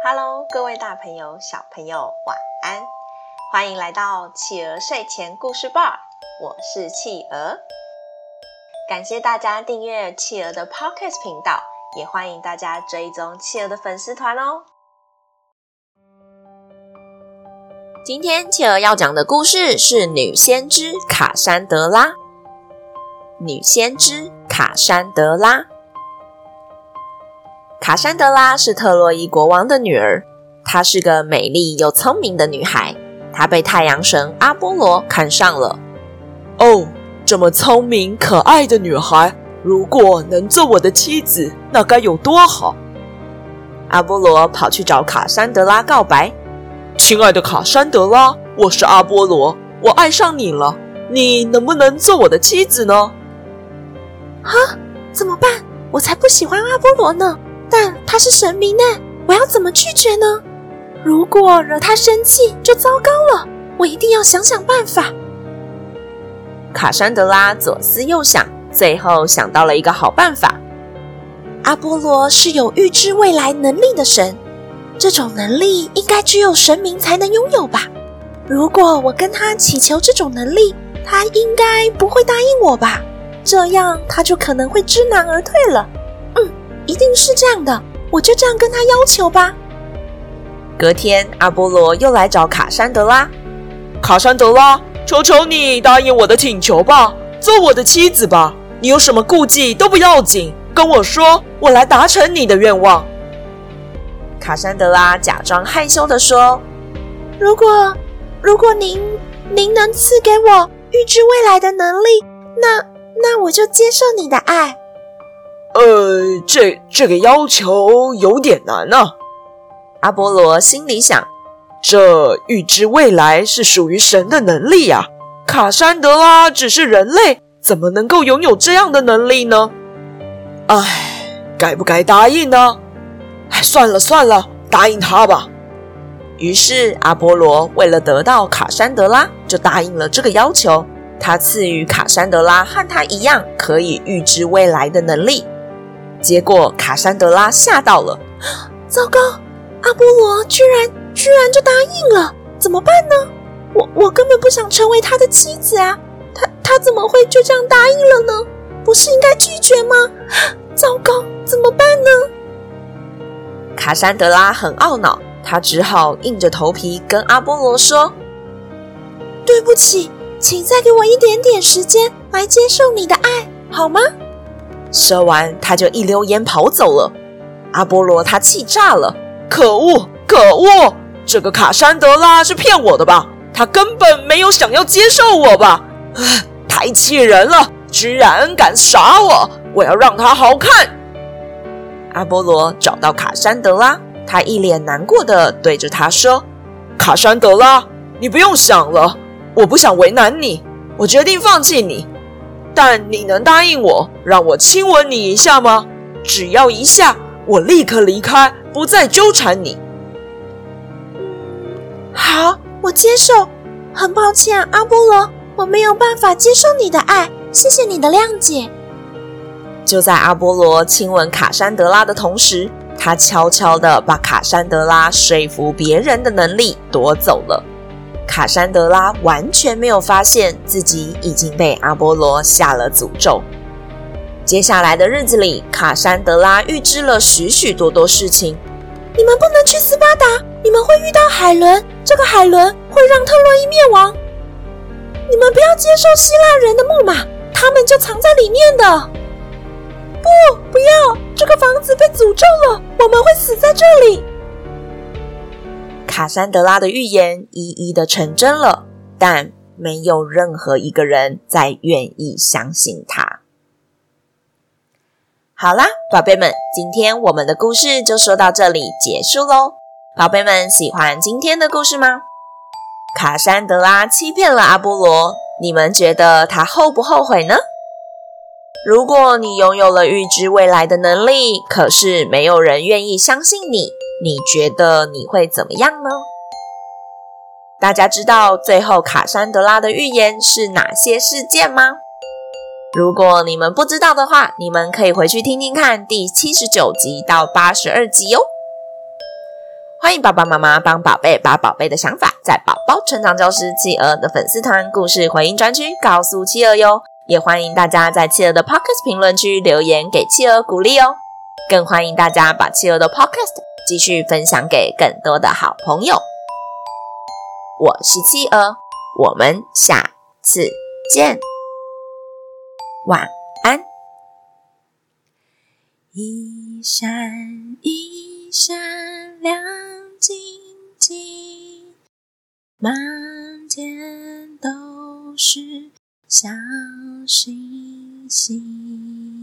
哈嘍，各位大朋友、小朋友，晚安！歡迎來到企鵝睡前故事吧，我是企鵝。感謝大家訂閱企鵝的 Podcast 頻道，也歡迎大家追蹤企鵝的粉絲團哦。今天企鵝要講的故事是女先知卡珊德拉。女先知卡珊德拉。卡珊德拉是特洛伊國王的女兒，她是個美麗又聰明的女孩。她被太陽神阿波羅看上了。哦，這麼聰明可愛的女孩，如果能做我的妻子，那該有多好！阿波羅跑去找卡珊德拉告白：“親愛的卡珊德拉，我是阿波羅，我愛上你了。你能不能做我的妻子呢？”啊，怎麼辦？我才不喜歡阿波羅呢！但他是神明呢，我要怎麼拒絕呢？如果惹他生氣就糟糕了，我一定要想想辦法。卡珊德拉左思右想，最後想到了一個好辦法。阿波羅是有預知未來能力的神，這種能力應該只有神明才能擁有吧？如果我跟他祈求這種能力，他應該不會答應我吧？這樣他就可能會知難而退了。一定是這樣的，我就這樣跟他要求吧。隔天，阿波羅又來找卡珊德拉。卡珊德拉，求求你答應我的請求吧，做我的妻子吧。你有什麼顧忌都不要緊，跟我說，我來達成你的願望。卡珊德拉假裝害羞地說：“如果如果您您能賜給我預知未來的能力，那那我就接受你的愛。”呃，這這個要求有點難呢。阿波羅心裡想：這預知未來是屬於神的能力呀。卡珊德拉只是人類，怎麼能夠擁有這樣的能力呢？唉，該不該答應呢？唉，算了算了，答應他吧。於是阿波羅為了得到卡珊德拉，就答應了這個要求。他賜予卡珊德拉和他一樣可以預知未來的能力。結果卡珊德拉嚇到了，糟糕！阿波羅居然居然就答應了，怎麼辦呢？我我根本不想成為他的妻子啊！他他怎麼會就這樣答應了呢？不是應該拒絕嗎？糟糕，怎麼辦呢？卡珊德拉很懊惱，她只好硬着頭皮跟阿波羅說：“對不起，請再給我一點點時間來接受你的愛，好嗎？”說完，他就一溜煙跑走了。阿波羅他氣炸了，可惡可惡！這個卡珊德拉是騙我的吧？他根本沒有想要接受我吧？啊，太氣人了！居然敢耍我！我要讓他好看！阿波羅找到卡珊德拉，他一臉難過的對着他說：“卡珊德拉，你不用想了，我不想為難你，我決定放棄你。”但你能答應我，讓我親吻你一下嗎？只要一下，我立刻離開，不再糾纏你。好，我接受。很抱歉，阿波羅，我沒有辦法接受你的愛。謝謝你的諒解。就在阿波羅親吻卡珊德拉的同時，他悄悄地把卡珊德拉說服別人的能力奪走了。卡珊德拉完全沒有發現自己已經被阿波羅下了詛咒。接下來的日子裡，卡珊德拉預知了許許多多事情。你們不能去斯巴達，你們會遇到海倫。這個海倫會讓特洛伊滅亡。你們不要接受希臘人的木馬，他們就藏在裡面的。不，不要！這個房子被詛咒了，我們會死在這裡。卡珊德拉的預言一一的成真了，但沒有任何一個人再願意相信他。好啦，寶貝們，今天我們的故事就說到這裡結束嘍。寶貝們，喜歡今天的故事嗎？卡珊德拉欺騙了阿波羅，你們覺得他後不後悔呢？如果你擁有了預知未來的能力，可是沒有人願意相信你。你覺得你會怎麼樣呢？大家知道最後卡珊德拉的預言是哪些事件嗎？如果你們不知道的話，你們可以回去聽聽看第七十九集到八十二集喲。歡迎爸爸媽媽幫寶貝把寶貝的想法在寶寶成長教師企鵝的粉絲團故事回應專區告訴企鵝喲，也歡迎大家在企鵝的 podcast 評論區留言給企鵝鼓勵哦。更歡迎大家把企鵝的 Podcast 繼續分享給更多的好朋友。我是企鵝，我們下次見，晚安。一閃一閃亮晶晶，滿天都是小星星。